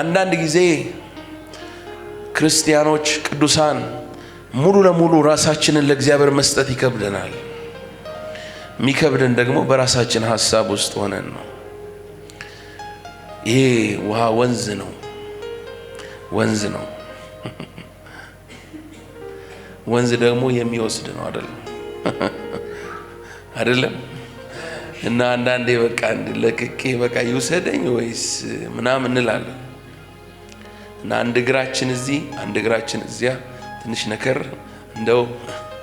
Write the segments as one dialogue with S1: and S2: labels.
S1: አንዳንድ ጊዜ ክርስቲያኖች ቅዱሳን ሙሉ ለሙሉ ራሳችንን ለእግዚአብሔር መስጠት ይከብደናል። የሚከብደን ደግሞ በራሳችን ሀሳብ ውስጥ ሆነን ነው። ይሄ ውሃ ወንዝ ነው፣ ወንዝ ነው። ወንዝ ደግሞ የሚወስድ ነው አይደለም አይደለም። እና አንዳንዴ በቃ ልቅቄ በቃ ይውሰደኝ ወይስ ምናምን እንላለን እና አንድ እግራችን እዚህ አንድ እግራችን እዚያ ትንሽ ነከር እንደው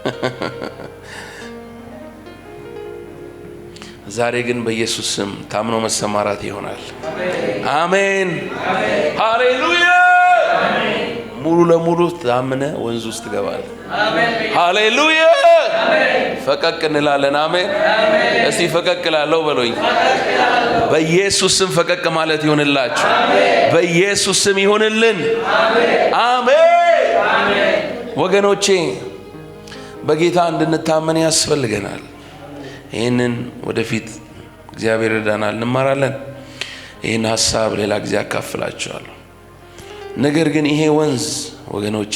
S1: ዛሬ ግን በኢየሱስ ስም ታምኖ መሰማራት ይሆናል።
S2: አሜን፣ ሃሌሉያ።
S1: ሙሉ ለሙሉ ታምነ ወንዝ ውስጥ ገባል ሃሌሉያ። ፈቀቅ እንላለን። አሜን። እስቲ ፈቀቅ ላለው በሎኝ። በኢየሱስ ስም ፈቀቅ ማለት ይሆንላችሁ። በኢየሱስ ስም ይሆንልን። አሜን። ወገኖቼ በጌታ እንድንታመን ያስፈልገናል። ይህንን ወደፊት እግዚአብሔር ይረዳናል፣ እንማራለን። ይህን ሀሳብ ሌላ ጊዜ አካፍላችኋለሁ። ነገር ግን ይሄ ወንዝ ወገኖቼ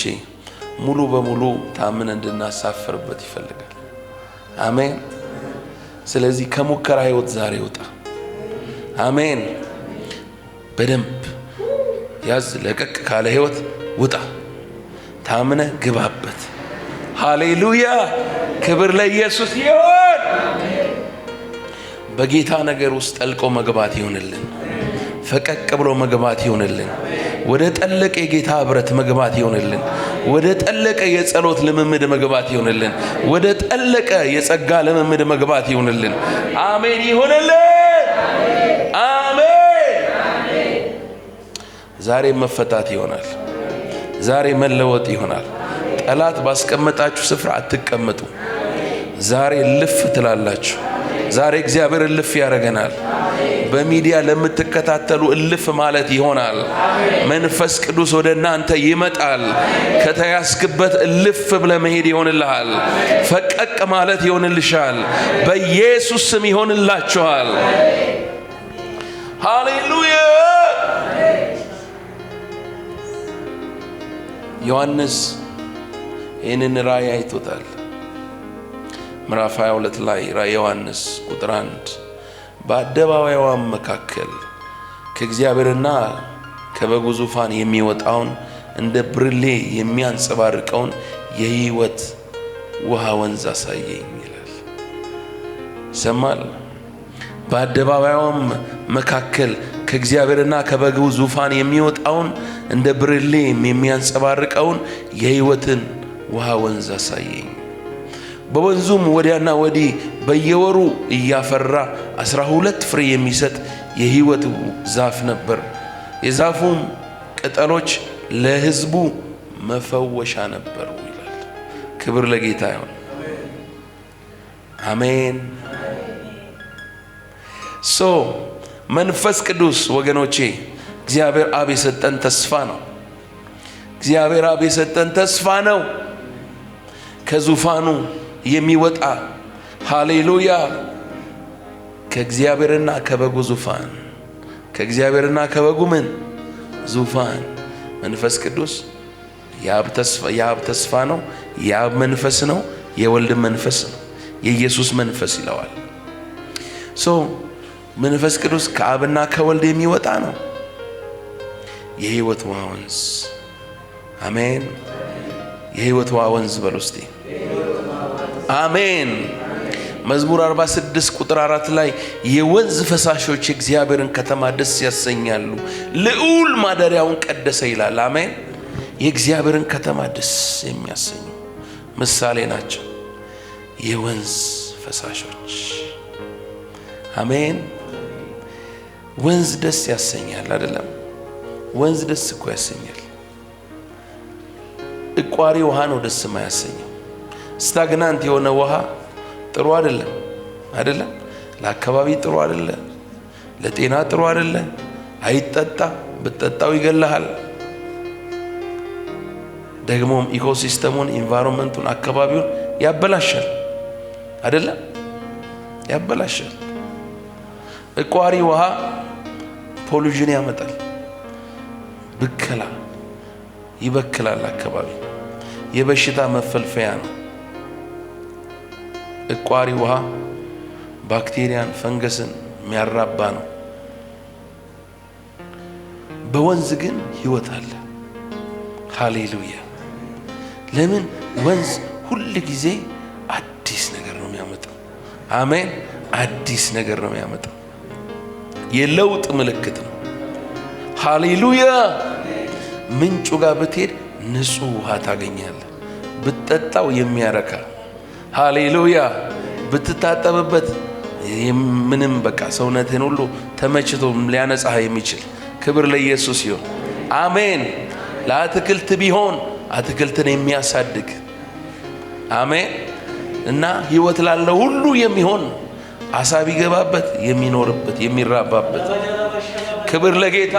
S1: ሙሉ በሙሉ ታምን እንድናሳፍርበት ይፈልጋል። አሜን። ስለዚህ ከሙከራ ህይወት ዛሬ ይወጣ። አሜን። በደንብ ያዝ። ለቀቅ ካለ ህይወት ውጣ። ታምነ ግባበት። ሃሌሉያ! ክብር ለኢየሱስ ይሁን። በጌታ ነገር ውስጥ ጠልቆ መግባት ይሁንልን። ፈቀቅ ብሎ መግባት ይሁንልን። ወደ ጠለቀ የጌታ ህብረት መግባት ይሁንልን። ወደ ጠለቀ የጸሎት ልምምድ መግባት ይሆንልን። ወደ ጠለቀ የጸጋ ልምምድ መግባት ይሆንልን። አሜን ይሆንልን። አሜን። ዛሬ መፈታት ይሆናል። ዛሬ መለወጥ ይሆናል። ጠላት ባስቀመጣችሁ ስፍራ አትቀመጡ። ዛሬ ልፍ ትላላችሁ። ዛሬ እግዚአብሔር ልፍ ያደርገናል። በሚዲያ ለምትከታተሉ እልፍ ማለት ይሆናል። መንፈስ ቅዱስ ወደ እናንተ ይመጣል። ከተያስክበት እልፍ ብለ መሄድ ይሆንልሃል። ፈቀቅ ማለት ይሆንልሻል። በኢየሱስ ስም ይሆንላችኋል። ሃሌሉያ። ዮሐንስ ይህንን ራእይ አይቶታል። ምዕራፍ 22 ላይ ራእይ ዮሐንስ ቁጥር 1 በአደባባይዋም መካከል ከእግዚአብሔርና ከበጉ ዙፋን የሚወጣውን እንደ ብርሌ የሚያንጸባርቀውን የሕይወት ውሃ ወንዝ አሳየኝ ይላል። ይሰማል። በአደባባይዋም መካከል ከእግዚአብሔርና ከበጉ ዙፋን የሚወጣውን እንደ ብርሌ የሚያንጸባርቀውን የሕይወትን ውሃ ወንዝ አሳየኝ። በወንዙም ወዲያና ወዲህ በየወሩ እያፈራ አስራ ሁለት ፍሬ የሚሰጥ የሕይወት ዛፍ ነበር። የዛፉም ቅጠሎች ለሕዝቡ መፈወሻ ነበሩ ይላል። ክብር ለጌታ ይሁን። አሜን። ሶ መንፈስ ቅዱስ ወገኖቼ እግዚአብሔር አብ የሰጠን ተስፋ ነው። እግዚአብሔር አብ የሰጠን ተስፋ ነው ከዙፋኑ የሚወጣ ሃሌሉያ ከእግዚአብሔርና ከበጉ ዙፋን ከእግዚአብሔርና ከበጉ ምን ዙፋን መንፈስ ቅዱስ የአብ ተስፋ ነው። የአብ መንፈስ ነው። የወልድ መንፈስ ነው። የኢየሱስ መንፈስ ይለዋል። ሶ መንፈስ ቅዱስ ከአብና ከወልድ የሚወጣ ነው። የህይወት ውሃ ወንዝ አሜን። የህይወት ውሃ ወንዝ በል አሜን። መዝሙር 46 ቁጥር አራት ላይ የወንዝ ፈሳሾች የእግዚአብሔርን ከተማ ደስ ያሰኛሉ፣ ልዑል ማደሪያውን ቀደሰ ይላል። አሜን። የእግዚአብሔርን ከተማ ደስ የሚያሰኙ ምሳሌ ናቸው የወንዝ ፈሳሾች። አሜን። ወንዝ ደስ ያሰኛል አይደለም? ወንዝ ደስ እኮ ያሰኛል። እቋሪ ውሃ ነው ደስ የማያሰኘው። ስታግናንት የሆነ ውሃ ጥሩ አይደለም አይደለም። ለአካባቢ ጥሩ አይደለም። ለጤና ጥሩ አይደለም። አይጠጣ፣ ብትጠጣው ይገላሃል። ደግሞም ኢኮሲስተሙን፣ ኢንቫይሮንመንቱን፣ አካባቢውን ያበላሻል አይደለም፣ ያበላሻል። እቋሪ ውሃ ፖሉዥን ያመጣል። ብከላ ይበክላል። አካባቢ የበሽታ መፈልፈያ ነው። እቋሪ ውሃ ባክቴሪያን፣ ፈንገስን የሚያራባ ነው። በወንዝ ግን ህይወት አለ። ሃሌሉያ! ለምን ወንዝ ሁል ጊዜ አዲስ ነገር ነው የሚያመጣው። አሜን። አዲስ ነገር ነው የሚያመጣው። የለውጥ ምልክት ነው። ሃሌሉያ! ምንጩ ጋር ብትሄድ ንጹህ ውሃ ታገኛለህ። ብትጠጣው የሚያረካ ሃሌሉያ ብትታጠብበት ምንም በቃ ሰውነትህን ሁሉ ተመችቶ ሊያነጻህ የሚችል ክብር ለኢየሱስ ይሁን። አሜን። ለአትክልት ቢሆን አትክልትን የሚያሳድግ አሜን። እና ህይወት ላለው ሁሉ የሚሆን አሳ ቢገባበት የሚኖርበት የሚራባበት ክብር ለጌታ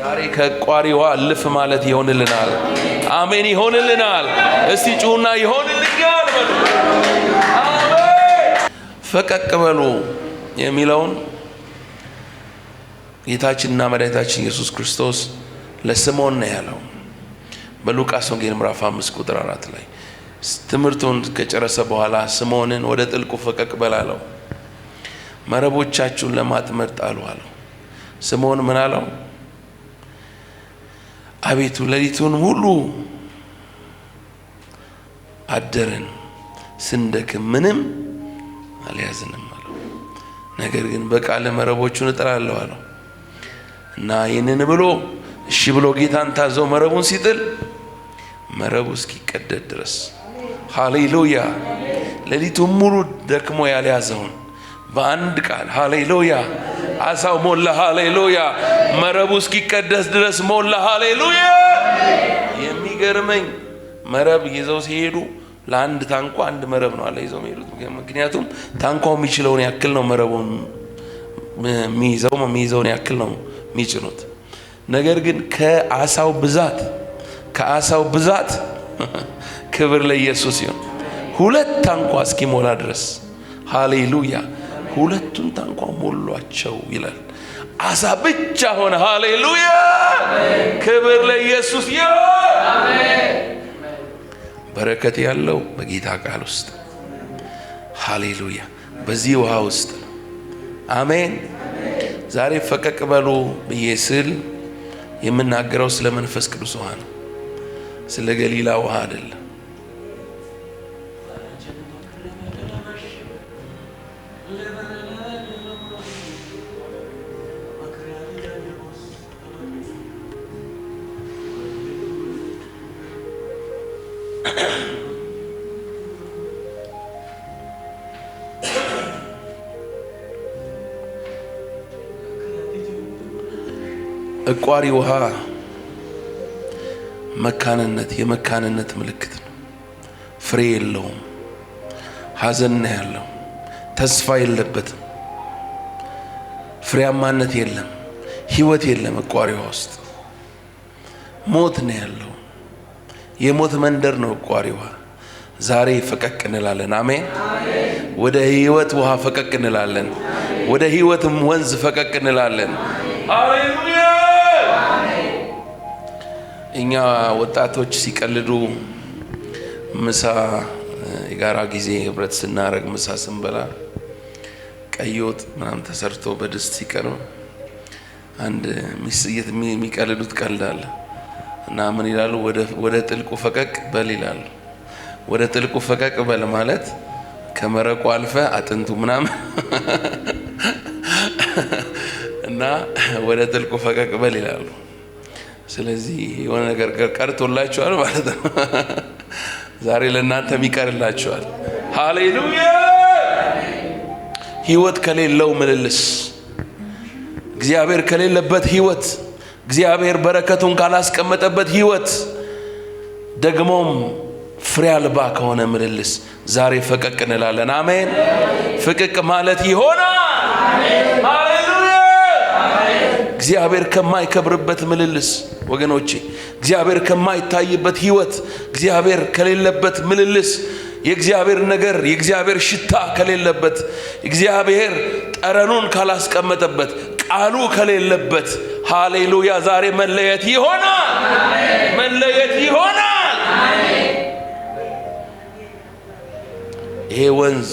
S1: ዛሬ ከቋሪዋ እልፍ ማለት ይሆንልናል። አሜን ይሆንልናል። እስቲ ጩሁና ይሆን ፈቀቅ በሉ የሚለውን ጌታችንና መድኃኒታችን ኢየሱስ ክርስቶስ ለስምዖን ነው ያለው በሉቃስ ወንጌል ምዕራፍ 5 ቁጥር 4 ላይ ትምህርቱን ከጨረሰ በኋላ ስምዖንን ወደ ጥልቁ ፈቀቅ በል አለው። መረቦቻችሁን ለማጥመድ ጣሉ አለው። ስምዖን ምን አለው? አቤቱ ሌሊቱን ሁሉ አደርን ስንደክም ምንም አልያዝንም አለው። ነገር ግን በቃለ መረቦቹን እጥላለሁ አለው እና ይህንን ብሎ እሺ ብሎ ጌታን ታዘው መረቡን ሲጥል መረቡ እስኪቀደድ ድረስ ሃሌሉያ ሌሊቱ ሙሉ ደክሞ ያልያዘውን በአንድ ቃል ሃሌሉያ አሳው ሞላ። ሃሌሉያ መረቡ እስኪቀደስ ድረስ ሞላ። ሃሌሉያ የሚገርመኝ መረብ ይዘው ሲሄዱ ለአንድ ታንኳ አንድ መረብ ነው አለ ይዘው የሚሄዱት። ምክንያቱም ታንኳው የሚችለውን ያክል ነው መረቡን የሚይዘው የሚይዘውን ያክል ነው የሚጭኑት። ነገር ግን ከአሳው ብዛት ከአሳው ብዛት ክብር ለኢየሱስ ይሁን። ሁለት ታንኳ እስኪሞላ ድረስ ሃሌሉያ። ሁለቱን ታንኳ ሞሏቸው ይላል። አሳ ብቻ ሆነ። ሃሌሉያ። ክብር ለኢየሱስ ይሁን። በረከት ያለው በጌታ ቃል ውስጥ ሃሌሉያ፣ በዚህ ውሃ ውስጥ አሜን። ዛሬ ፈቀቅ በሉ ብዬ ስል የምናገረው ስለ መንፈስ ቅዱስ ውሃ ነው፣ ስለ ገሊላ ውሃ አይደለም። ተቋሪ ውሃ መካንነት የመካንነት ምልክት ነው። ፍሬ የለውም። ሐዘን ነው ያለው። ተስፋ የለበትም። ፍሬያማነት የለም። ህይወት የለም። እቋሪ ውሃ ውስጥ ሞት ነው ያለው። የሞት መንደር ነው እቋሪ ውሃ። ዛሬ ፈቀቅ እንላለን። አሜን። ወደ ህይወት ውሃ ፈቀቅ እንላለን። ወደ ህይወትም ወንዝ ፈቀቅ እንላለን። እኛ ወጣቶች ሲቀልዱ ምሳ የጋራ ጊዜ ህብረት ስናደርግ ምሳ ስንበላ ቀይ ወጥ ምናምን ተሰርቶ በድስት ሲቀርብ አንድ ሚስየት የሚቀልዱት ቀልድ አለ እና ምን ይላሉ? ወደ ጥልቁ ፈቀቅ በል ይላሉ። ወደ ጥልቁ ፈቀቅ በል ማለት ከመረቁ አልፈ አጥንቱ ምናምን እና ወደ ጥልቁ ፈቀቅ በል ይላሉ። ስለዚህ የሆነ ነገር ቀርቶላችኋል ማለት ነው። ዛሬ ለእናንተም ይቀርላችኋል። ሃሌሉያ! ህይወት ከሌለው ምልልስ፣ እግዚአብሔር ከሌለበት ህይወት፣ እግዚአብሔር በረከቱን ካላስቀመጠበት ህይወት፣ ደግሞም ፍሬ አልባ ከሆነ ምልልስ ዛሬ ፈቀቅ እንላለን። አሜን። ፍቅቅ ማለት ይሆናል። እግዚአብሔር ከማይከብርበት ምልልስ ወገኖቼ፣ እግዚአብሔር ከማይታይበት ህይወት፣ እግዚአብሔር ከሌለበት ምልልስ፣ የእግዚአብሔር ነገር የእግዚአብሔር ሽታ ከሌለበት፣ እግዚአብሔር ጠረኑን ካላስቀመጠበት፣ ቃሉ ከሌለበት፣ ሃሌሉያ ዛሬ መለየት ይሆናል፣ መለየት ይሆናል። ይሄ ወንዝ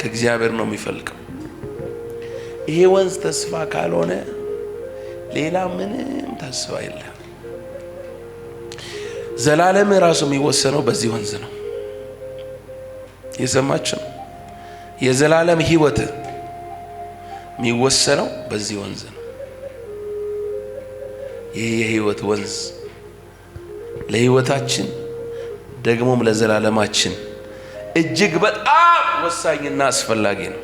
S1: ከእግዚአብሔር ነው የሚፈልቀው። ይሄ ወንዝ ተስፋ ካልሆነ ሌላ ምንም ተስፋ የለም። ዘላለም ራሱ የሚወሰነው በዚህ ወንዝ ነው። የሰማችሁ ነው። የዘላለም ህይወት የሚወሰነው በዚህ ወንዝ ነው። ይህ የህይወት ወንዝ ለህይወታችን ደግሞም ለዘላለማችን እጅግ በጣም ወሳኝና አስፈላጊ ነው።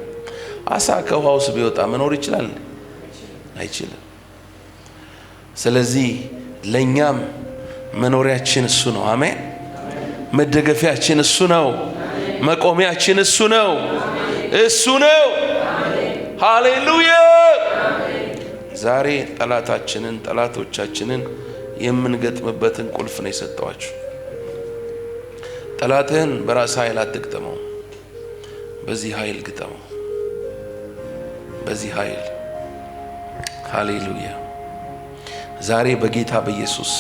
S1: አሳ ከውሃ ውስጥ ቢወጣ መኖር ይችላል? አይችልም። ስለዚህ ለእኛም መኖሪያችን እሱ ነው። አሜን። መደገፊያችን እሱ ነው። መቆሚያችን እሱ ነው። እሱ ነው። ሃሌሉያ። ዛሬ ጠላታችንን ጠላቶቻችንን የምንገጥምበትን ቁልፍ ነው የሰጠዋችሁ። ጠላትህን በራስ ኃይል አትግጥመው፣ በዚህ ኃይል ግጠመው። በዚህ ኃይል ሃሌሉያ። ዛሬ በጌታ በኢየሱስ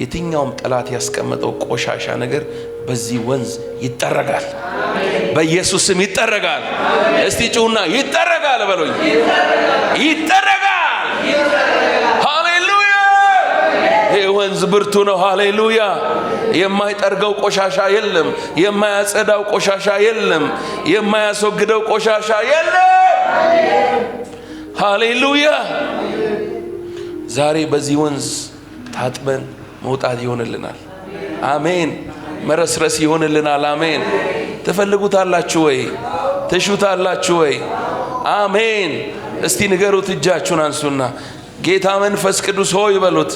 S1: የትኛውም ጠላት ያስቀመጠው ቆሻሻ ነገር በዚህ ወንዝ ይጠረጋል፣ በኢየሱስም ይጠረጋል። እስቲ ጩና ይጠረጋል በሎኝ፣ ይጠረጋል። ሃሌሉያ! ይህ ወንዝ ብርቱ ነው። ሃሌሉያ! የማይጠርገው ቆሻሻ የለም። የማያጸዳው ቆሻሻ የለም። የማያስወግደው ቆሻሻ የለም። ሃሌሉያ። ዛሬ በዚህ ወንዝ ታጥበን መውጣት ይሆንልናል። አሜን። መረስረስ ይሆንልናል። አሜን። ትፈልጉታላችሁ ወይ? ትሹታላችሁ ወይ? አሜን። እስቲ ንገሩት፣ እጃችሁን አንሱና ጌታ መንፈስ ቅዱስ ሆይ በሉት፣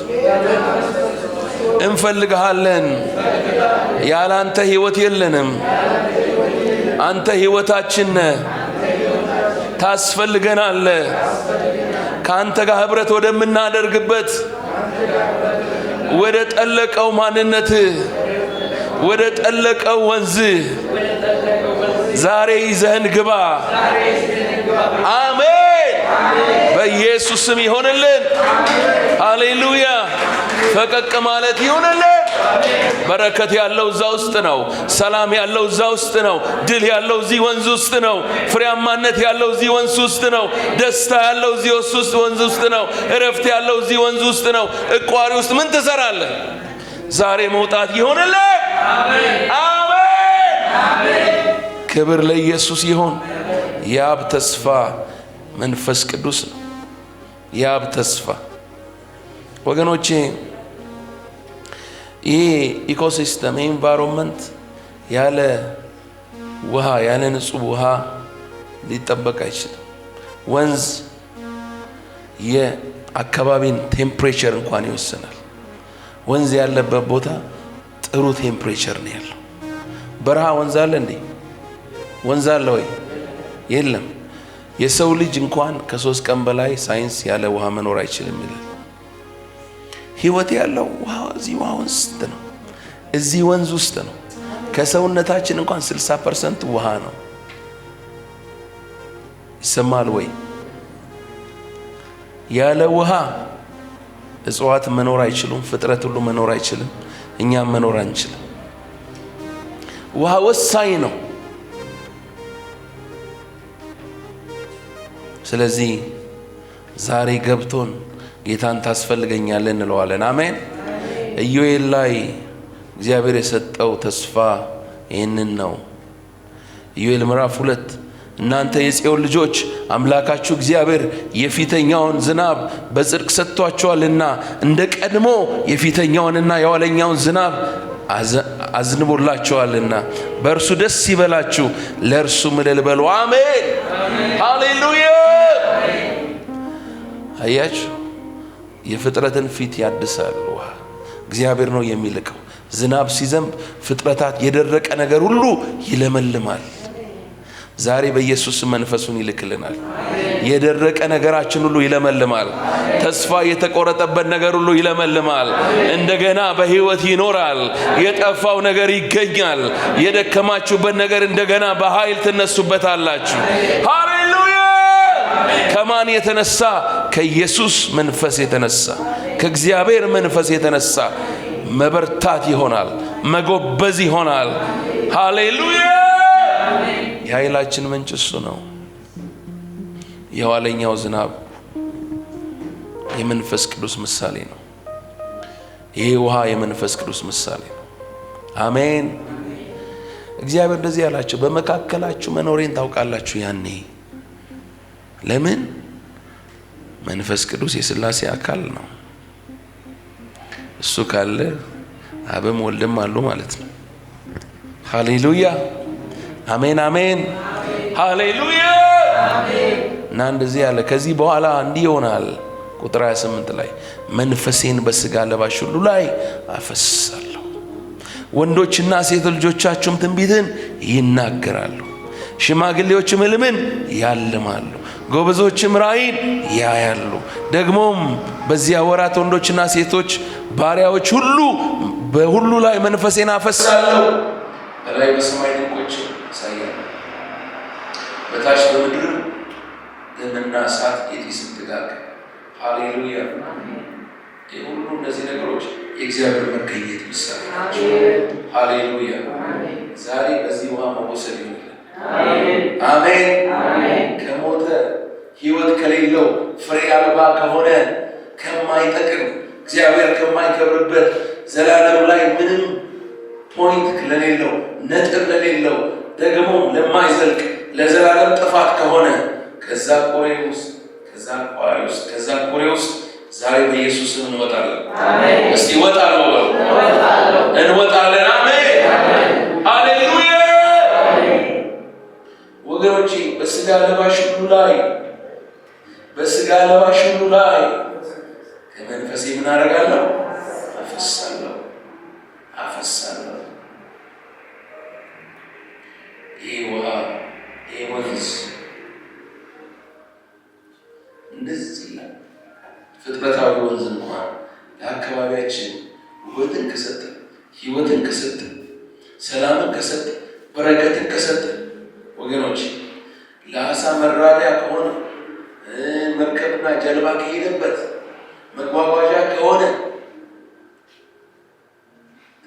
S1: እንፈልግሃለን። ያለ አንተ ሕይወት የለንም። አንተ ህይወታችን ነህ። ታስፈልገናለ። ከአንተ ጋር ህብረት ወደምናደርግበት ወደ ጠለቀው ማንነት ወደ ጠለቀው ወንዝ ዛሬ ይዘህን ግባ። አሜን። በኢየሱስ ስም ይሆንልን። ሃሌሉያ ፈቀቅ ማለት ይሁንልህ። በረከት ያለው እዛ ውስጥ ነው። ሰላም ያለው እዛ ውስጥ ነው። ድል ያለው እዚህ ወንዝ ውስጥ ነው። ፍሬያማነት ያለው እዚህ ወንዝ ውስጥ ነው። ደስታ ያለው እዚህ ውስጥ ወንዝ ውስጥ ነው። እረፍት ያለው እዚህ ወንዝ ውስጥ ነው። እቋሪ ውስጥ ምን ትሰራለህ? ዛሬ መውጣት ይሆንልን። አሜን። ክብር ለኢየሱስ ይሆን። የአብ ተስፋ መንፈስ ቅዱስ ነው። የአብ ተስፋ ወገኖቼ ይሄ ኢኮሲስተም ኤንቫይሮንመንት ያለ ውሃ ያለ ንጹህ ውሃ ሊጠበቅ አይችልም። ወንዝ የአካባቢን ቴምፕሬቸር እንኳን ይወስናል። ወንዝ ያለበት ቦታ ጥሩ ቴምፕሬቸር ነው ያለው። በረሃ ወንዝ አለ እንዴ? ወንዝ አለ ወይ? የለም። የሰው ልጅ እንኳን ከሶስት ቀን በላይ ሳይንስ ያለ ውሃ መኖር አይችልም ይላል። ህይወት ያለው ውሃ እዚህ ውሃ ውስጥ ነው። እዚህ ወንዝ ውስጥ ነው። ከሰውነታችን እንኳን 60 ፐርሰንት ውሃ ነው። ይሰማል ወይ? ያለ ውሃ እጽዋት መኖር አይችሉም። ፍጥረት ሁሉ መኖር አይችልም። እኛም መኖር አንችልም። ውሃ ወሳኝ ነው። ስለዚህ ዛሬ ገብቶን ጌታን ታስፈልገኛለን እንለዋለን። አሜን። ኢዮኤል ላይ እግዚአብሔር የሰጠው ተስፋ ይህንን ነው። ኢዮኤል ምዕራፍ ሁለት እናንተ የጽዮን ልጆች አምላካችሁ እግዚአብሔር የፊተኛውን ዝናብ በጽድቅ ሰጥቷችኋልና እንደ ቀድሞ የፊተኛውንና የኋለኛውን ዝናብ አዝንቦላችኋልና በእርሱ ደስ ይበላችሁ፣ ለእርሱ ምልል በሉ። አሜን፣ ሃሌሉያ። አያችሁ የፍጥረትን ፊት ያድሳል። ውሃ እግዚአብሔር ነው የሚልቀው። ዝናብ ሲዘንብ ፍጥረታት የደረቀ ነገር ሁሉ ይለመልማል። ዛሬ በኢየሱስ መንፈሱን ይልክልናል። የደረቀ ነገራችን ሁሉ ይለመልማል። ተስፋ የተቆረጠበት ነገር ሁሉ ይለመልማል። እንደገና በሕይወት ይኖራል። የጠፋው ነገር ይገኛል። የደከማችሁበት ነገር እንደገና በኃይል ትነሱበታላችሁ? ሃሌሉያ! ከማን የተነሳ ከኢየሱስ መንፈስ የተነሳ ከእግዚአብሔር መንፈስ የተነሳ መበርታት ይሆናል፣ መጎበዝ ይሆናል። ሃሌሉያ! የኃይላችን ምንጭ እሱ ነው። የኋለኛው ዝናብ የመንፈስ ቅዱስ ምሳሌ ነው። ይህ ውሃ የመንፈስ ቅዱስ ምሳሌ ነው። አሜን። እግዚአብሔር እንደዚህ ያላቸው በመካከላችሁ መኖሬን ታውቃላችሁ ያኔ ለምን መንፈስ ቅዱስ የስላሴ አካል ነው። እሱ ካለ አብም ወልድም አሉ ማለት ነው። ሃሌሉያ አሜን፣ አሜን፣ ሃሌሉያ እና እንደዚህ ያለ ከዚህ በኋላ እንዲህ ይሆናል። ቁጥር 28 ላይ መንፈሴን በስጋ ለባሽ ሁሉ ላይ አፈስሳለሁ፣ ወንዶችና ሴት ልጆቻችሁም ትንቢትን ይናገራሉ፣ ሽማግሌዎችም ሕልምን ያልማሉ ጎበዞችም ራእይን ያያሉ። ደግሞም በዚያ ወራት ወንዶችና ሴቶች ባሪያዎች ሁሉ በሁሉ ላይ መንፈሴን አፈሳለሁ። በላይ በሰማይ ድንቆች አሳያለሁ፣ በታች በምድር ደምና እሳት የጢስ ሃሌሉያ! የሁሉ እነዚህ ነገሮች የእግዚአብሔር መገኘት ምሳሌ ናቸው። ሃሌሉያ! ዛሬ በዚህ ውሃ መወሰድ ይሆናል። አሜን። ፍሬ አልባ ከሆነ ከማይጠቅም እግዚአብሔር ከማይከብርበት ዘላለም ላይ ምንም ፖይንት ለሌለው ነጥብ ለሌለው ደግሞ ለማይዘልቅ ለዘላለም ጥፋት ከሆነ ከዛ ቆሬ ውስጥ ከዛ ቋሪ ውስጥ ከዛ ቆሬ ውስጥ ዛሬ በኢየሱስ እንወጣለን። እስቲ እወጣለሁ፣ እንወጣለን። አሜን፣ ሃሌሉያ። ወገኖቼ በስጋ ለባሽ ሁሉ ላይ በስጋ ለባሽ ሁሉ ላይ ከመንፈሴ ምን አደርጋለሁ? አፈሳለሁ አፈሳለሁ። ይህ ውሃ ይህ ወንዝ እንደዚህ ይላል። ፍጥረታዊ ወንዝ እንኳን ለአካባቢያችን ውበትን ከሰጠ፣ ህይወትን ከሰጠ፣ ሰላምን ከሰጠ፣ በረከትን ከሰጠ ወገኖች ለአሳ መራቢያ ከሆነ ና ጀልባ ከሄደበት መጓጓዣ ከሆነ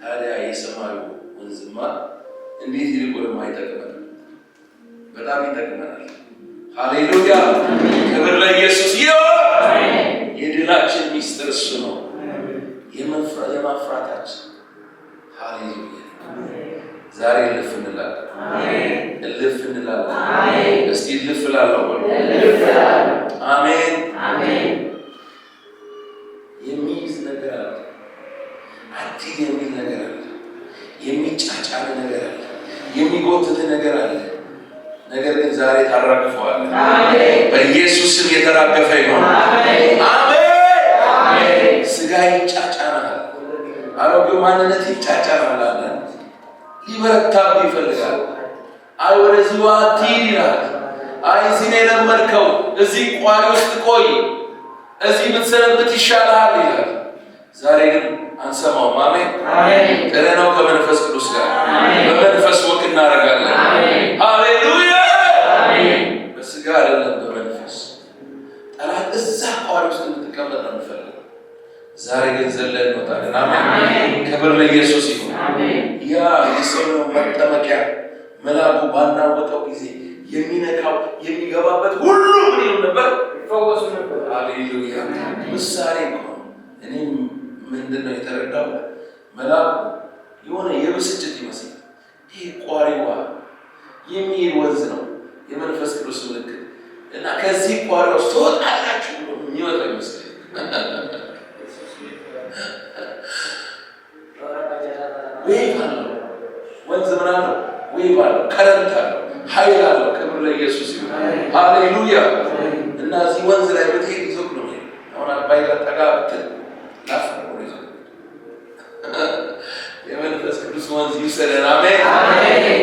S1: ታዲያ የሰማዩ ወንዝማ እንዴት ይልቁ አይጠቅመንም? በጣም ይጠቅመናል። ሃሌሉያ! ክብር ለኢየሱስ የድላችን ሚስጥር እሱ ነው፣ የማፍራታችን ሃሌሉያ ዛሬ እልፍ እንላለን። እልፍ እንላለን። እስቲ እልፍ እላለሁ አሜን። የሚይዝ ነገር አለ። አዲ የሚል ነገር አለ። የሚጫጫን ነገር አለ። የሚጎትት ነገር አለ። ነገር ግን ዛሬ ታራግፈዋለህ። በኢየሱስም የተራገፈ ይሆን። አሜን። ስጋ ይጫጫናል። አሮጌው ማንነት ይጫጫናል። ይበረታብ ይፈልጋል። አይ ወደዚህ ዋቲ ይላል። አይ እዚህ ነው የለመድከው፣ እዚህ ቋሪ ውስጥ ቆይ፣ እዚህ ብትሰነብት ይሻልሃል ይላል። ዛሬ ግን አንሰማውም። አሜን ጥረ ነው ከመንፈስ ቅዱስ ጋር በመንፈስ ወቅ እናደርጋለን። ሃሌሉያ በስጋ አይደለም በመንፈስ ጠላት እዛ ቋሪ ውስጥ እንድትቀመጥ ነው የሚፈልግ ዛሬ ግን ዘለን እንወጣለን። አሜን። ክብር ለኢየሱስ ይሁን። ያ የሰው መጠመቂያ መልአኩ ባናወጠው ጊዜ የሚነካው የሚገባበት ሁሉ ምን ይሁን ነበር? ይፈወሱ ነበር። አሌሉያ። ምሳሌ ነው። እኔም ምንድን ነው የተረዳው መልአኩ የሆነ የብስጭት ይመስል ይህ ቋሪዋ የሚሄድ ወንዝ ነው የመንፈስ ቅዱስ ምልክት እና ከዚህ ቋሪዋ ውስጥ ትወጣላችሁ የሚወጣ ይመስላል ምን አለው? ወይብ አለው፣ ከረንት አለው፣ ኃይል አለው። ክብር ለኢየሱስ ይሁን፣ ሃሌሉያ። እና እዚህ ወንዝ ላይ ብትሄድ ይዞክ ነው አሁን አባይ ጋር ጠጋ ብትል ላፍ ነው የመንፈስ ቅዱስ ወንዝ ይውሰደን። አሜን።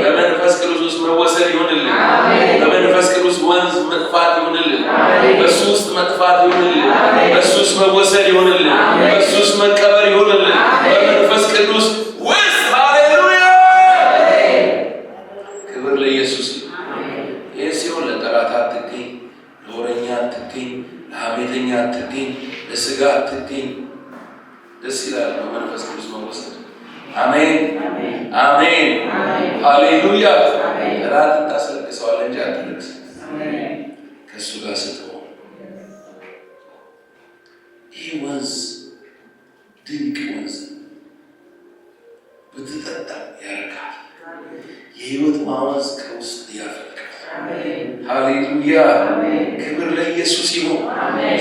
S1: በመንፈስ ቅዱስ ውስጥ መወሰድ ይሆንልን በመንፈስ ቅዱስ ወንዝ መጥፋት ይሆንልን በሱ ውስጥ መጥፋት ይሁንልን። በሱ ውስጥ መወሰድ ይሁንልን። በሱ ውስጥ መቀበር ይሁንልን። በመንፈስ ቅዱስ አትገኝ፣ ለሀሜተኛ አትገኝ፣ ለስጋ አትገኝ። ደስ ይላል በመንፈስ ቅዱስ መወሰድ። አሜን አሜን፣ ሃሌሉያ። ራት ታስለቅሰዋል እንጂ አትለቅስ ከእሱ ጋር ስትሆን። ይህ ወንዝ ድንቅ ወንዝ ብትጠጣ ያረካል። የህይወት ማወዝ ከውስጥ ያፈል ሃሌሉያ ክብር ለኢየሱስ ይሁን።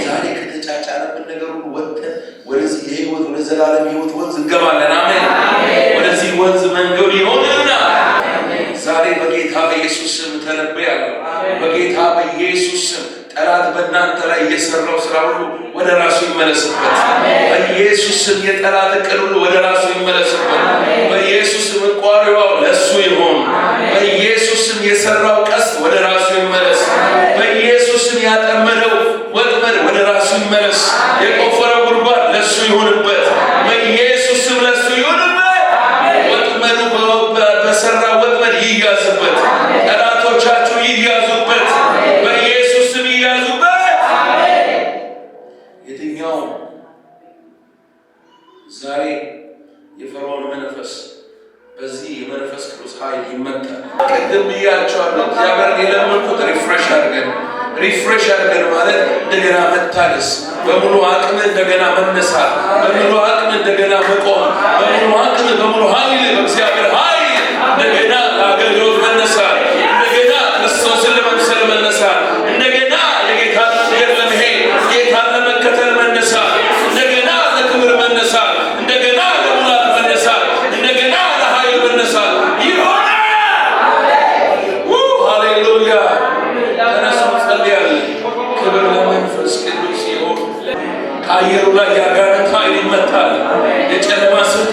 S1: ዛሬ ከተጫጫረብን ነገር ሁሉ ወጥተን ወደዚህ የህይወት ወደ ዘላለም ህይወት ወንዝ እንገባለን። አሜን። ወደዚህ ወንዝ መንገድ ይሆንና ዛሬ በጌታ በኢየሱስ ስም ተነበያለሁ። በጌታ በኢየሱስ ስም ጠላት በእናንተ ላይ እየሰራው ስራ ሁሉ ወደ ራሱ ይመለስበት። በኢየሱስ ስም የጠላት እቅድ ሁሉ ወደ ራሱ ይመለስበት። በኢየሱስ ስም እቋሪዋው ለእሱ ይሆን። በኢየሱስ ስም የሰራው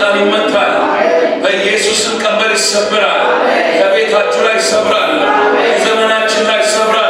S1: ሰይጣን ይመታል። በኢየሱስም ቀንበር ይሰብራል። ከቤታችሁ ላይ ይሰብራል። ከዘመናችን ላይ ይሰብራል።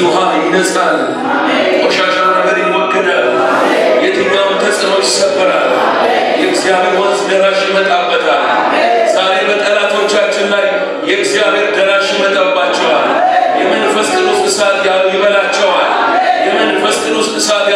S1: በዚህ ውሃ ይነጻል። ቆሻሻ ነገር ይወገዳል። የትኛውም ተጽዕኖ ይሰበራል። የእግዚአብሔር ወንዝ ደራሽ ይመጣበታል። ዛሬ በጠላቶቻችን ላይ የእግዚአብሔር ደራሽ ይመጣባቸዋል። የመንፈስ ቅዱስ እሳት ይበላቸዋል። የመንፈስ ቅዱስ እሳት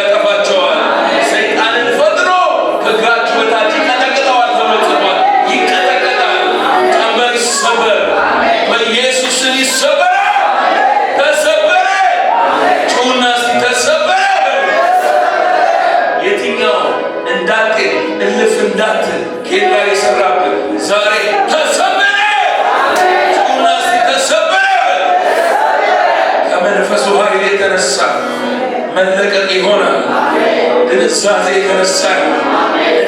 S1: ትካዜ የተነሳ ነው።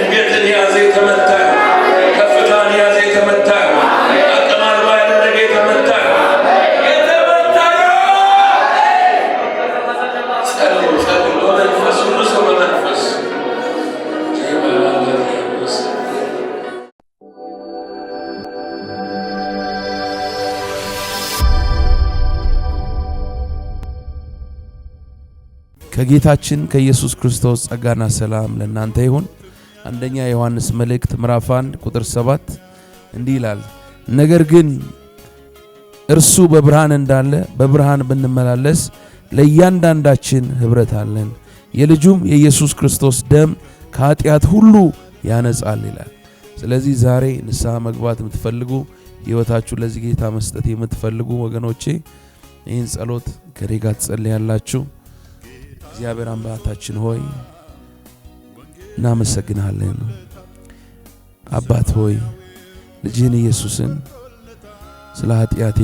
S1: እንዴትን የያዘ የተመታ ከጌታችን ከኢየሱስ ክርስቶስ ጸጋና ሰላም ለእናንተ ይሁን። አንደኛ ዮሐንስ መልእክት ምዕራፍ 1 ቁጥር 7 እንዲህ ይላል፣ ነገር ግን እርሱ በብርሃን እንዳለ በብርሃን ብንመላለስ ለእያንዳንዳችን ኅብረት አለን፣ የልጁም የኢየሱስ ክርስቶስ ደም ከኃጢአት ሁሉ ያነጻል ይላል። ስለዚህ ዛሬ ንስሐ መግባት የምትፈልጉ ሕይወታችሁ ለዚህ ጌታ መስጠት የምትፈልጉ ወገኖቼ ይህን ጸሎት ከኔ ጋር ትጸልያላችሁ። እግዚአብሔር አምባታችን ሆይ እናመሰግናለን። አባት ሆይ ልጅህን ኢየሱስን ስለ ኃጢአቴ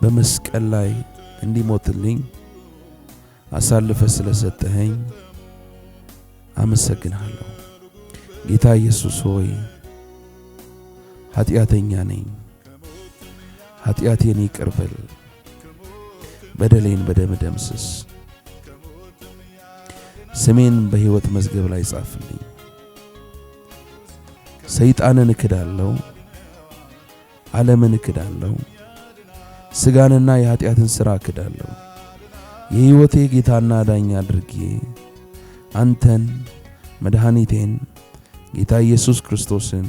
S1: በመስቀል ላይ እንዲሞትልኝ አሳልፈ ስለሰጠኸኝ አመሰግናለሁ። ጌታ ኢየሱስ ሆይ ኃጢአተኛ ነኝ፣ ኃጢአቴን ይቅር በደሌን በደም ደምስስ ስሜን በሕይወት መዝገብ ላይ ጻፍልኝ። ሰይጣንን እክዳለሁ፣ ዓለምን እክዳለሁ፣ ሥጋንና የኀጢአትን ሥራ እክዳለሁ። የሕይወቴ ጌታና ዳኛ አድርጌ አንተን መድኃኒቴን ጌታ ኢየሱስ ክርስቶስን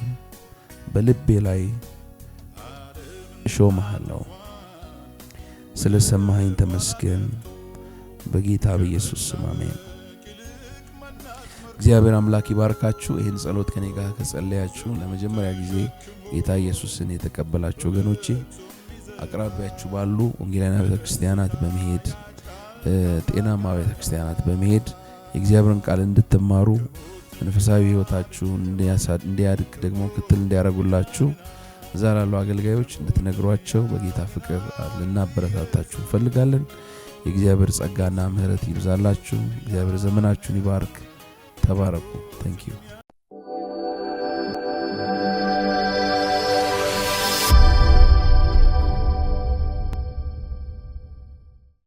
S1: በልቤ ላይ እሾመሃለሁ። ስለ ሰማኸኝ ተመስገን። በጌታ በኢየሱስ ስም አሜን። እግዚአብሔር አምላክ ይባርካችሁ። ይህን ጸሎት ከኔ ጋር ከጸለያችሁ ለመጀመሪያ ጊዜ ጌታ ኢየሱስን የተቀበላችሁ ወገኖቼ አቅራቢያችሁ ባሉ ወንጌላና ቤተክርስቲያናት በመሄድ ጤናማ ቤተክርስቲያናት በመሄድ የእግዚአብሔርን ቃል እንድትማሩ መንፈሳዊ ሕይወታችሁ እንዲያድግ ደግሞ ክትል እንዲያደርጉላችሁ እዛ ላሉ አገልጋዮች እንድትነግሯቸው በጌታ ፍቅር ልናበረታታችሁ እንፈልጋለን። የእግዚአብሔር ጸጋና ምሕረት ይብዛላችሁ። እግዚአብሔር ዘመናችሁን ይባርክ። Tabarak. Thank you.